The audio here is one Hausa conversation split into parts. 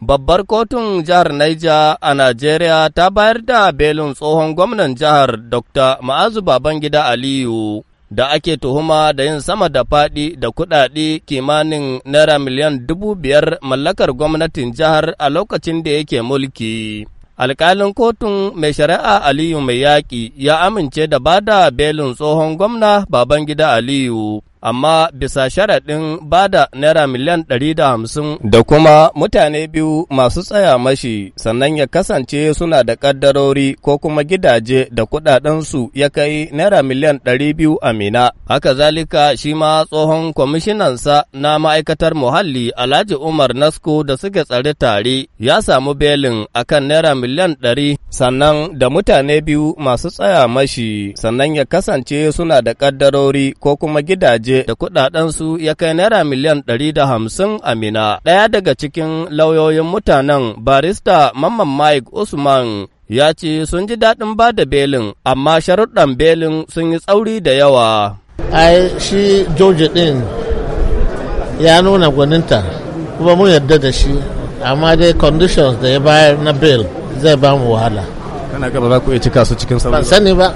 Babbar kotun jihar Naija a Najeriya ta bayar da belin tsohon gwamnan jihar Dr. Ma'azu Babangida Aliyu da ake tuhuma da yin sama da faɗi da kuɗaɗe kimanin naira miliyan dubu biyar mallakar gwamnatin jihar a lokacin da yake mulki. Alkalin kotun mai shari'a Aliyu mai yaƙi ya amince da bada belin tsohon gwamna Babangida Aliyu. amma bisa sharaɗin ba da naira miliyan ɗari da hamsin da kuma mutane biyu masu tsaya mashi sannan ya kasance suna da ƙaddarori ko kuma gidaje da kuɗaɗensu ya kai naira miliyan ɗari biyu a mina. Haka zalika shi ma tsohon kwamishinansa na ma'aikatar muhalli Alhaji Umar Nasko da suke tsare tare ya samu belin akan naira miliyan ɗari sannan da mutane biyu masu tsaya mashi sannan ya kasance suna da ƙaddarori ko kuma gidaje waje da su ya kai naira miliyan ɗari da hamsin a Mina. Ɗaya daga cikin lauyoyin mutanen barista Mamman Mike Usman ya ce sun ji daɗin ba da belin amma sharuɗan belin sun yi tsauri da yawa. Ai shi George ɗin ya nuna gwaninta kuma mun yarda da shi amma dai conditions da ya bayar na bail zai ba mu wahala. Kana gaba ba ku iya cika su cikin sauri. Ban sani ba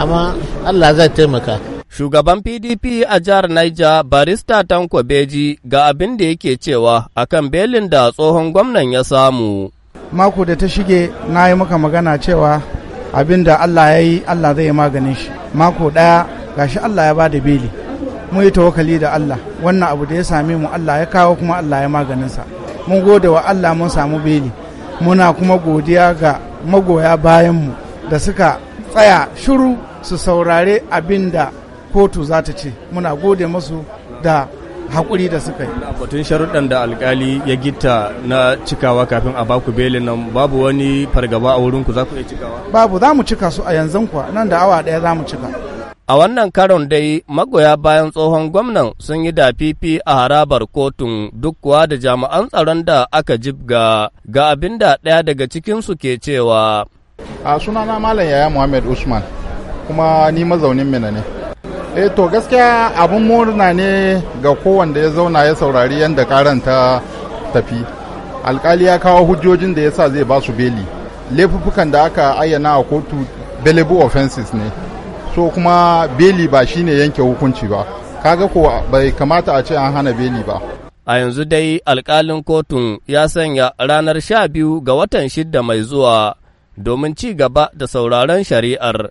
amma Allah zai taimaka. Shugaban PDP a jihar Niger barista Tanko Beji ga abin da yake cewa akan belin da tsohon gwamnan ya samu. Mako da ta shige na yi maka magana cewa abin da Allah ya yi Allah zai maganin shi. Mako ɗaya gashi Allah ya bada beli. Mun yi tawakali da Allah wannan abu da ya sami mu Allah ya kawo kuma Allah ya maganinsa. Mun gode wa Allah mun samu beli. Muna kuma godiya ga magoya bayanmu da suka tsaya shiru su saurare abin da kotu za ta ce muna gode masu da haƙuri da suka yi. Batun sharuɗan da alƙali ya gita na cikawa kafin a baku belin nan babu wani fargaba a wurinku za ku iya cikawa? Babu za mu cika su a yanzu kuwa nan da awa ɗaya za mu cika. A wannan karon dai magoya bayan tsohon gwamnan sun yi dafifi a harabar kotun duk kuwa da jami'an tsaron da aka jibga ga abin da ɗaya daga cikinsu ke cewa. A sunana Malam Yaya Muhammad Usman kuma ni mazaunin Mina ne. eh to gaskiya abin murna ne ga kowanda ya zauna ya saurari yadda karan ta tafi alkali ya kawo hujjojin da ya sa zai ba su beli laifuffukan da aka ayyana a kotu belebu offenses ne so kuma beli ba shine yanke hukunci ba kaga ko bai kamata a ce an hana beli ba a yanzu dai alkalin kotun ya sanya ranar sha biyu ga watan shidda mai zuwa domin ci gaba da sauraron shari'ar